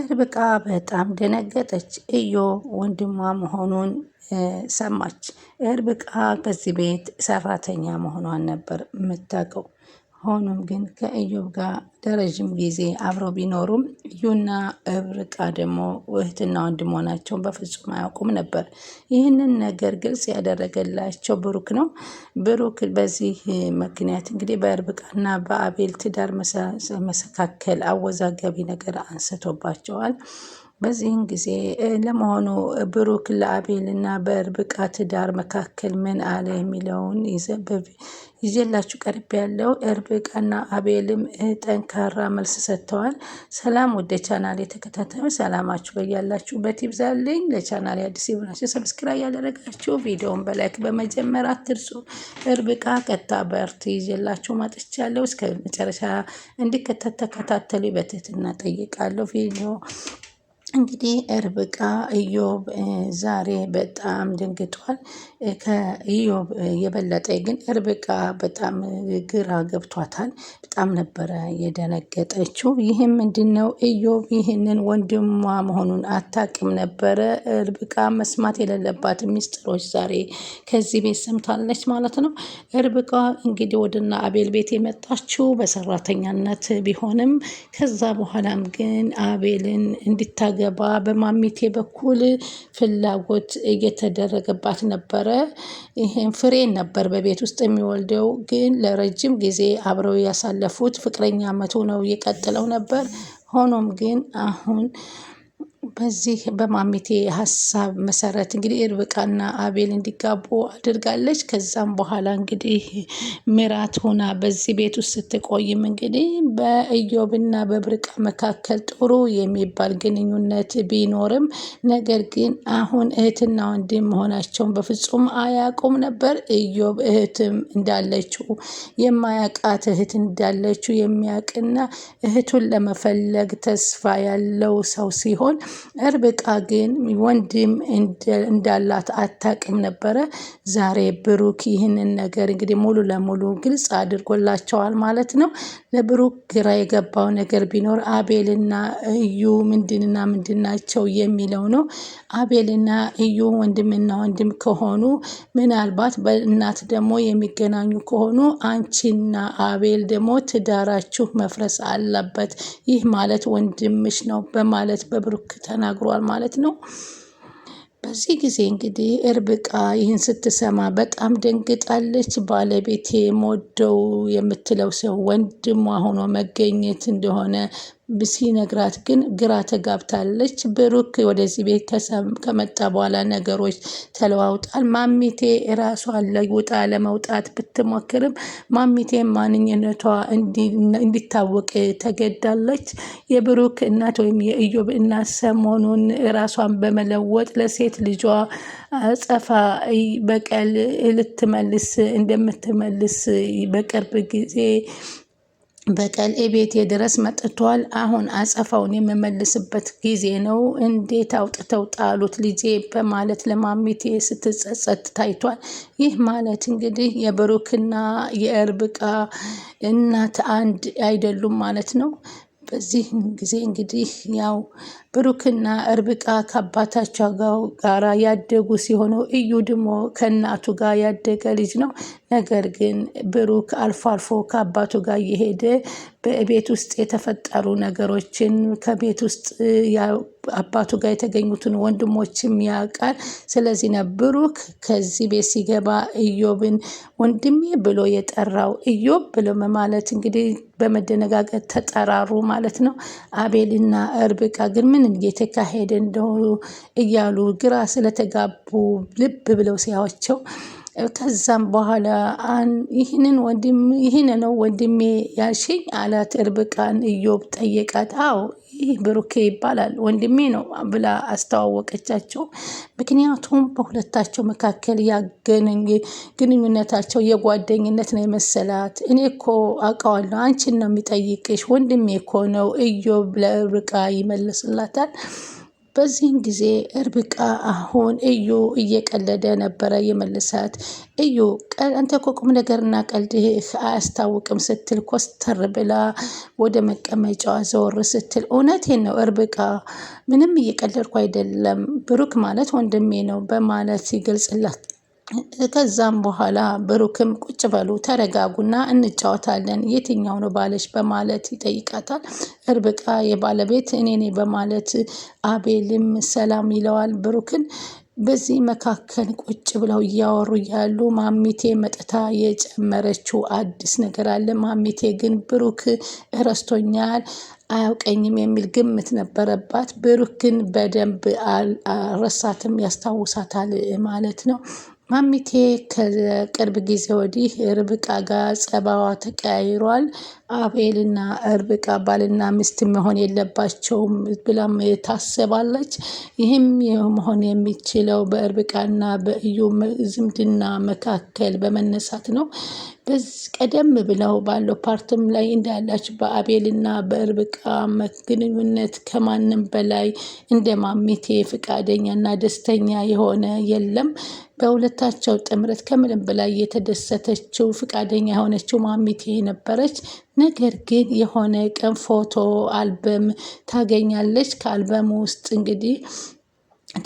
እርብቃ በጣም ደነገጠች። እዮ ወንድሟ መሆኑን ሰማች። እርብቃ በዚህ ቤት ሰራተኛ መሆኗን ነበር የምታውቀው። ሆኖም ግን ከኢዮብ ጋር ለረዥም ጊዜ አብረው ቢኖሩም እዩና እብርቃ ደግሞ እህትና ወንድም መሆናቸውን በፍጹም አያውቁም ነበር። ይህንን ነገር ግልጽ ያደረገላቸው ብሩክ ነው። ብሩክ በዚህ ምክንያት እንግዲህ በእርብቃና በአቤል ትዳር መሰካከል አወዛጋቢ ነገር አንስቶባቸዋል። በዚህን ጊዜ ለመሆኑ ብሩክ ለአቤል እና በእርብቃ ትዳር መካከል ምን አለ የሚለውን ይዤላችሁ ቀርብ ያለው እርብቃና አቤልም ጠንካራ መልስ ሰጥተዋል። ሰላም ወደ ቻናል የተከታታዩ ሰላማችሁ በያላችሁ በቲብዛልኝ ለቻናል አዲስ የሆናችሁ ሰብስክራይብ ያደረጋችሁ ቪዲዮውን በላይክ በመጀመር አትርሱ። እርብቃ ቀጥታ በርት ይዤላችሁ መጥቻለሁ። እስከ መጨረሻ እንዲከታተሉ በትህትና ጠይቃለሁ ቪዲዮ እንግዲህ ርብቃ ኢዮብ ዛሬ በጣም ደንግጧል። ከኢዮብ የበለጠ ግን ርብቃ በጣም ግራ ገብቷታል። በጣም ነበረ የደነገጠችው። ይህም ምንድን ነው? ኢዮብ ይህንን ወንድሟ መሆኑን አታውቅም ነበረ። ርብቃ መስማት የሌለባት ሚስጥሮች ዛሬ ከዚህ ቤት ሰምታለች ማለት ነው። ርብቃ እንግዲህ ወደና አቤል ቤት የመጣችው በሰራተኛነት ቢሆንም ከዛ በኋላም ግን አቤልን እንዲታገ እንድትገባ በማሚቴ በኩል ፍላጎት እየተደረገባት ነበረ። ይሄን ፍሬን ነበር በቤት ውስጥ የሚወልደው። ግን ለረጅም ጊዜ አብረው ያሳለፉት ፍቅረኛ መቶ ነው የቀጥለው ነበር። ሆኖም ግን አሁን በዚህ በማሚቴ ሀሳብ መሰረት እንግዲህ እርብቃና አቤል እንዲጋቡ አድርጋለች። ከዛም በኋላ እንግዲህ ምራት ሆና በዚህ ቤት ውስጥ ስትቆይም እንግዲህ በኢዮብና በብርቃ መካከል ጥሩ የሚባል ግንኙነት ቢኖርም ነገር ግን አሁን እህትና ወንድም መሆናቸውን በፍጹም አያውቁም ነበር። ኢዮብ እህትም እንዳለችው የማያቃት እህት እንዳለችው የሚያውቅና እህቱን ለመፈለግ ተስፋ ያለው ሰው ሲሆን እርብቃ ግን ወንድም እንዳላት አታቅም ነበረ። ዛሬ ብሩክ ይህንን ነገር እንግዲህ ሙሉ ለሙሉ ግልጽ አድርጎላቸዋል ማለት ነው። ለብሩክ ግራ የገባው ነገር ቢኖር አቤልና እዩ ምንድንና ምንድናቸው የሚለው ነው። አቤልና እዩ ወንድምና ወንድም ከሆኑ ምናልባት በእናት ደግሞ የሚገናኙ ከሆኑ አንቺና አቤል ደግሞ ትዳራችሁ መፍረስ አለበት፣ ይህ ማለት ወንድምሽ ነው በማለት በብሩክ ተናግሯል ማለት ነው። በዚህ ጊዜ እንግዲህ እርብቃ ይህን ስትሰማ በጣም ደንግጣለች። ባለቤቴ የምወደው የምትለው ሰው ወንድሟ ሆኖ መገኘት እንደሆነ ሲነግራት ግን ግራ ተጋብታለች። ብሩክ ወደዚህ ቤት ከመጣ በኋላ ነገሮች ተለዋውጣል። ማሚቴ እራሷ ለውጣ ለመውጣት ብትሞክርም ማሚቴ ማንኝነቷ እንዲታወቅ ተገዳለች። የብሩክ እናት ወይም የእዮብ እናት ሰሞኑን ራሷን በመለወጥ ለሴት ልጇ አጸፋ በቀል ልትመልስ እንደምትመልስ በቅርብ ጊዜ በቀል እቤቴ ድረስ መጥቷል። አሁን አጸፋውን የምመልስበት ጊዜ ነው። እንዴት አውጥተው ጣሉት ልጄ በማለት ለማሚቴ ስትጸጸት ታይቷል። ይህ ማለት እንግዲህ የብሩክና የእርብቃ እናት አንድ አይደሉም ማለት ነው። በዚህ ጊዜ እንግዲህ ያው ብሩክና እርብቃ ከአባታቸው ጋር ያደጉ ሲሆኑ እዩ ደግሞ ከእናቱ ጋር ያደገ ልጅ ነው። ነገር ግን ብሩክ አልፎ አልፎ ከአባቱ ጋር እየሄደ በቤት ውስጥ የተፈጠሩ ነገሮችን ከቤት ውስጥ አባቱ ጋር የተገኙትን ወንድሞችም ያውቃል። ስለዚህ ነ ብሩክ ከዚህ ቤት ሲገባ እዮብን ወንድሜ ብሎ የጠራው። እዮብ ብሎ ማለት እንግዲህ በመደነጋገጥ ተጠራሩ ማለት ነው። አቤልና እርብቃ ግን ምን እየተካሄደ እንደሆኑ እያሉ ግራ ስለተጋቡ ልብ ብለው ሲያዋቸው ከዛም በኋላ ይህንን ወንድም ይህን ነው ወንድሜ ያልሽኝ አላት። እርብቃን እዮብ ጠየቃት። አዎ ይህ ብሩኬ ይባላል ወንድሜ ነው ብላ አስተዋወቀቻቸው። ምክንያቱም በሁለታቸው መካከል ያገነኝ ግንኙነታቸው የጓደኝነት ነው የመሰላት። እኔ እኮ አውቀዋለሁ አንቺን ነው የሚጠይቅሽ ወንድሜ እኮ ነው እዮብ ለርብቃ ይመልስላታል። በዚህን ጊዜ እርብቃ አሁን እዩ እየቀለደ ነበረ የመልሳት እዩ አንተ እኮ ቁም ነገርና ቀልድ አያስታውቅም ስትል ኮስተር ብላ ወደ መቀመጫዋ ዘወር ስትል እውነቴን ነው እርብቃ ምንም እየቀለድኩ አይደለም ብሩክ ማለት ወንድሜ ነው በማለት ይገልጽላት ከዛም በኋላ ብሩክም ቁጭ በሉ ተረጋጉና እንጫወታለን፣ የትኛው ነው ባለሽ በማለት ይጠይቃታል። እርብቃ የባለቤት እኔ ነኝ በማለት አቤልም ሰላም ይለዋል ብሩክን። በዚህ መካከል ቁጭ ብለው እያወሩ እያሉ ማሚቴ መጥታ የጨመረችው አዲስ ነገር አለ። ማሚቴ ግን ብሩክ እረስቶኛል አያውቀኝም የሚል ግምት ነበረባት። ብሩክን ግን በደንብ ረሳትም ያስታውሳታል ማለት ነው። ማሚቴ ከቅርብ ጊዜ ወዲህ ርብቃ ጋር ጸባዋ ተቀያይሯል። አቤልና ርብቃ ባልና ሚስት መሆን የለባቸውም ብላም ታስባለች። ይህም መሆን የሚችለው በርብቃና በእዩ ዝምድና መካከል በመነሳት ነው። ቀደም ብለው ባለው ፓርትም ላይ እንዳላች በአቤልና በእርብቃ መግንኙነት ከማንም በላይ እንደ ፍቃደኛ ፍቃደኛና ደስተኛ የሆነ የለም። በሁለታቸው ጥምረት ከምንም በላይ የተደሰተችው ፍቃደኛ የሆነችው ማሚቴ ነበረች። ነገር ግን የሆነ ቀን ፎቶ አልበም ታገኛለች። ከአልበሙ ውስጥ እንግዲህ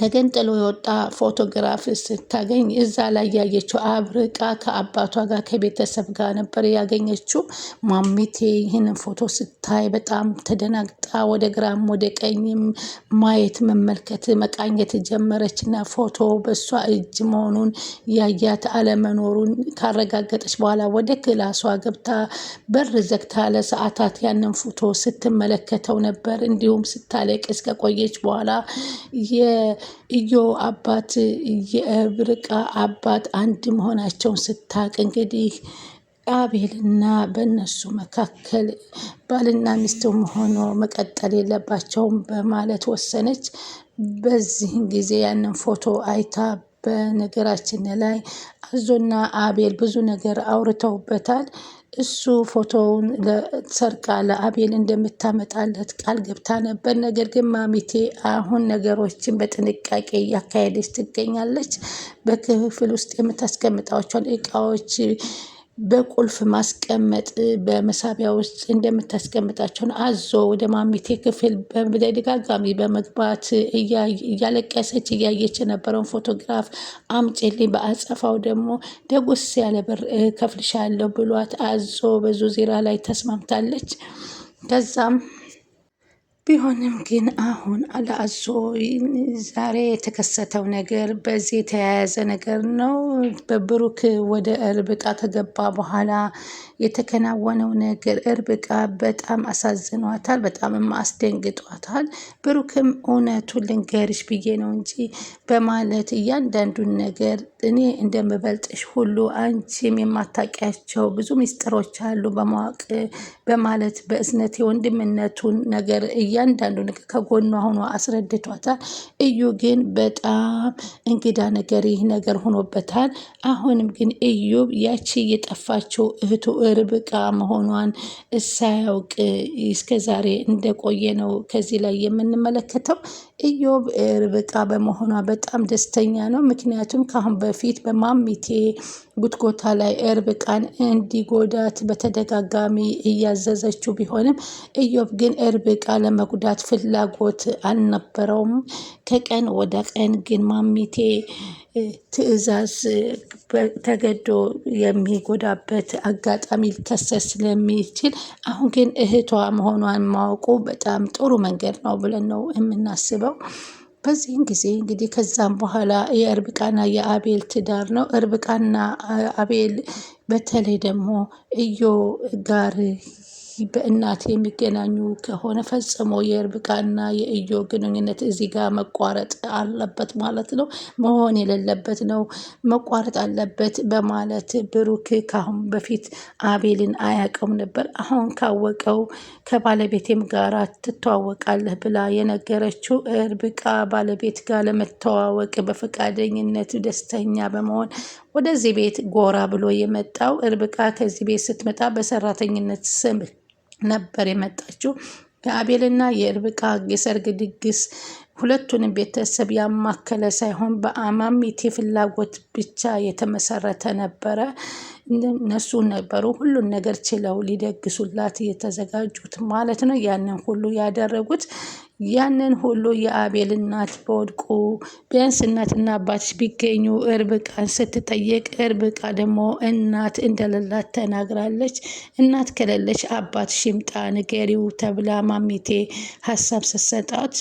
ተገንጥሎ የወጣ ፎቶግራፍ ስታገኝ እዛ ላይ ያየችው አብርቃ ከአባቷ ጋር ከቤተሰብ ጋር ነበር ያገኘችው። ማሚቴ ይህንን ፎቶ ስታይ በጣም ተደናግጣ ወደ ግራም ወደ ቀኝም ማየት መመልከት መቃኘት ጀመረች እና ፎቶ በእሷ እጅ መሆኑን ያያት አለመኖሩን ካረጋገጠች በኋላ ወደ ክላሷ ገብታ በር ዘግታ ለሰዓታት ያንን ፎቶ ስትመለከተው ነበር። እንዲሁም ስታለቅስ ከቆየች በኋላ የኢዮ አባት የርብቃ አባት አንድ መሆናቸውን ስታቅ እንግዲህ አቤልና በእነሱ መካከል ባልና ሚስት ሆኖ መቀጠል የለባቸውም በማለት ወሰነች። በዚህን ጊዜ ያንን ፎቶ አይታ በነገራችን ላይ አዞና አቤል ብዙ ነገር አውርተውበታል። እሱ ፎቶውን ሰርቃ ለአቤል እንደምታመጣለት ቃል ገብታ ነበር። ነገር ግን ማሚቴ አሁን ነገሮችን በጥንቃቄ እያካሄደች ትገኛለች። በክፍል ውስጥ የምታስቀምጣቸውን እቃዎች በቁልፍ ማስቀመጥ በመሳቢያ ውስጥ እንደምታስቀምጣቸውን አዞ ወደ ማሚቴ ክፍል በተደጋጋሚ በመግባት እያለቀሰች እያየች የነበረውን ፎቶግራፍ አምጪልኝ፣ በአጸፋው ደግሞ ደጎስ ያለ ብር ከፍልሻለሁ ብሏት አዞ በዙ ዜራ ላይ ተስማምታለች። ከዛም ቢሆንም ግን አሁን አላዞ ዛሬ የተከሰተው ነገር በዚህ የተያያዘ ነገር ነው። በብሩክ ወደ እርብቃ ከገባ በኋላ የተከናወነው ነገር እርብቃ በጣም አሳዝኗታል፣ በጣምም አስደንግጧታል። ብሩክም እውነቱን ልንገርሽ ብዬ ነው እንጂ በማለት እያንዳንዱን ነገር እኔ እንደምበልጥሽ ሁሉ አንቺም የማታውቂያቸው ብዙ ሚስጥሮች አሉ በማወቅ በማለት በእዝነት የወንድምነቱን ነገር እያንዳንዱ ነገር ከጎኗ ሆኖ አስረድቷታል። እዩ ግን በጣም እንግዳ ነገር ይህ ነገር ሆኖበታል። አሁንም ግን እዩብ ያቺ የጠፋችው እህቱ ርብቃ መሆኗን እሳያውቅ እስከዛሬ እንደቆየ ነው ከዚህ ላይ የምንመለከተው። ኢዮብ ርብቃ በመሆኗ በጣም ደስተኛ ነው። ምክንያቱም ከአሁን በፊት በማሚቴ ጉትጎታ ላይ እርብቃን እንዲጎዳት በተደጋጋሚ እያዘዘችው ቢሆንም ኢዮብ ግን እርብቃ ለመጉዳት ፍላጎት አልነበረውም። ከቀን ወደ ቀን ግን ማሚቴ ትዕዛዝ ተገዶ የሚጎዳበት አጋጣሚ ሊከሰት ስለሚችል አሁን ግን እህቷ መሆኗን ማወቁ በጣም ጥሩ መንገድ ነው ብለን ነው የምናስበው። በዚህን ጊዜ እንግዲህ ከዛም በኋላ የእርብቃና የአቤል ትዳር ነው። እርብቃና አቤል በተለይ ደግሞ እዮ ጋር እዚህ በእናት የሚገናኙ ከሆነ ፈጽሞ የርብቃና የእዮ ግንኙነት እዚህ ጋር መቋረጥ አለበት ማለት ነው። መሆን የሌለበት ነው፣ መቋረጥ አለበት በማለት ብሩክ ካሁን በፊት አቤልን አያውቀውም ነበር። አሁን ካወቀው ከባለቤቴም ጋር ትተዋወቃለህ ብላ የነገረችው እርብቃ ባለቤት ጋር ለመተዋወቅ በፈቃደኝነት ደስተኛ በመሆን ወደዚህ ቤት ጎራ ብሎ የመጣው እርብቃ ከዚህ ቤት ስትመጣ በሰራተኝነት ስም ነበር የመጣችው። የአቤልና የእርብቃ የሰርግ ድግስ ሁለቱንም ቤተሰብ ያማከለ ሳይሆን በአማሚቴ ፍላጎት ብቻ የተመሰረተ ነበረ። እነሱ ነበሩ ሁሉን ነገር ችለው ሊደግሱላት የተዘጋጁት ማለት ነው። ያንን ሁሉ ያደረጉት ያንን ሁሉ የአቤል እናት በወድቁ ቢያንስ እናትና አባት ቢገኙ እርብቃን ስትጠየቅ እርብቃ ደግሞ እናት እንደሌላት ተናግራለች። እናት ከሌለች አባት ሽምጣ ንገሪው ተብላ ማሚቴ ሀሳብ ስትሰጣት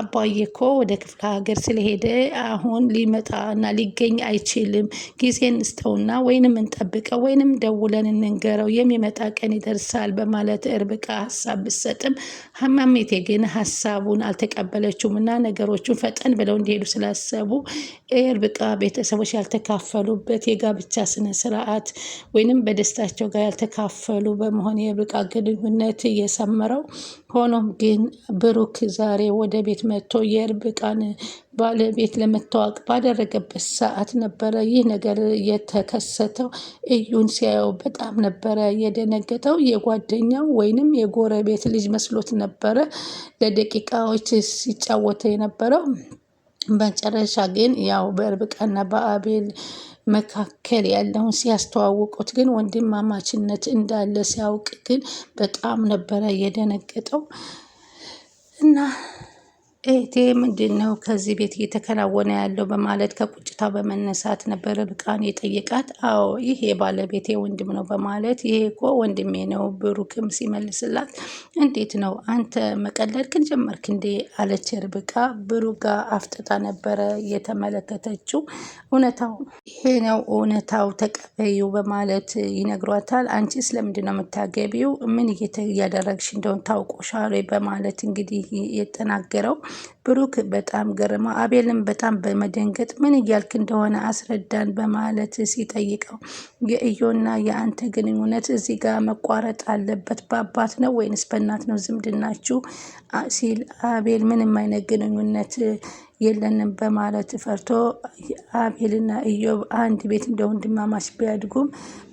አባዬ እኮ ወደ ክፍለ ሀገር ስለሄደ አሁን ሊመጣና ሊገኝ አይችልም፣ ጊዜ እንስጠውና ወይንም እንጠብቀው ወይንም ደውለን እንንገረው የሚመጣ ቀን ይደርሳል በማለት እርብቃ ሀሳብ ብትሰጥም ማሚቴ ግን ሀሳብ ሀሳቡን አልተቀበለችውም እና ነገሮቹን ፈጠን ብለው እንዲሄዱ ስላሰቡ የእርብቃ ቤተሰቦች ያልተካፈሉበት የጋብቻ ስነ ስርዓት ወይንም በደስታቸው ጋር ያልተካፈሉ በመሆን የእርብቃ ግንኙነት እየሰመረው ሆኖም ግን ብሩክ ዛሬ ወደ ቤት መጥቶ የእርብቃን ባለቤት ለመተዋወቅ ባደረገበት ሰዓት ነበረ ይህ ነገር የተከሰተው። እዩን ሲያየው በጣም ነበረ የደነገጠው። የጓደኛው ወይንም የጎረቤት ልጅ መስሎት ነበረ ለደቂቃዎች ሲጫወተ የነበረው። መጨረሻ ግን ያው በእርብቃና በአቤል መካከል ያለውን ሲያስተዋውቁት ግን ወንድማማችነት እንዳለ ሲያውቅ ግን በጣም ነበረ የደነገጠው እና እህቴ ምንድን ነው ከዚህ ቤት እየተከናወነ ያለው በማለት ከቁጭታ በመነሳት ነበር ርቃን የጠየቃት። አዎ ይሄ የባለቤቴ ወንድም ነው በማለት ይሄ እኮ ወንድሜ ነው ብሩክም ሲመልስላት፣ እንዴት ነው አንተ መቀለድ ግን ጀመርክ እንዴ አለች ርብቃ። ብሩጋ አፍጥጣ ነበረ የተመለከተችው። እውነታው ይሄ ነው እውነታው ተቀበዩ በማለት ይነግሯታል። አንቺ ስለምንድን ነው የምታገቢው? ምን እያደረግሽ እንደሆን ታውቆሻል በማለት እንግዲህ የተናገረው ብሩክ በጣም ገርማ አቤልም በጣም በመደንገጥ ምን እያልክ እንደሆነ አስረዳን በማለት ሲጠይቀው የእዮና የአንተ ግንኙነት እዚህ ጋር መቋረጥ አለበት። በአባት ነው ወይንስ በእናት ነው ዝምድናችሁ? ሲል አቤል ምንም አይነት ግንኙነት የለንም በማለት ፈርቶ አቤልና ኢዮብ አንድ ቤት እንደ ወንድማማች ቢያድጉም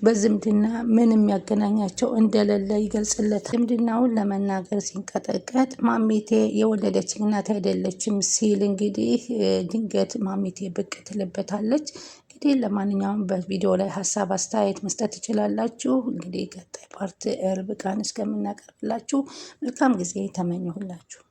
በዝምድና ምን የሚያገናኛቸው እንደሌለ ይገልጽለት ዝምድናውን ለመናገር ሲንቀጠቀጥ ማሚቴ የወለደች እናት አይደለችም ሲል እንግዲህ ድንገት ማሚቴ ብቅ ትልበታለች። እንግዲህ ለማንኛውም በቪዲዮ ላይ ሀሳብ አስተያየት መስጠት ትችላላችሁ። እንግዲህ ቀጣይ ፓርት ርብቃን እስከምናቀርብላችሁ መልካም ጊዜ ተመኘሁላችሁ።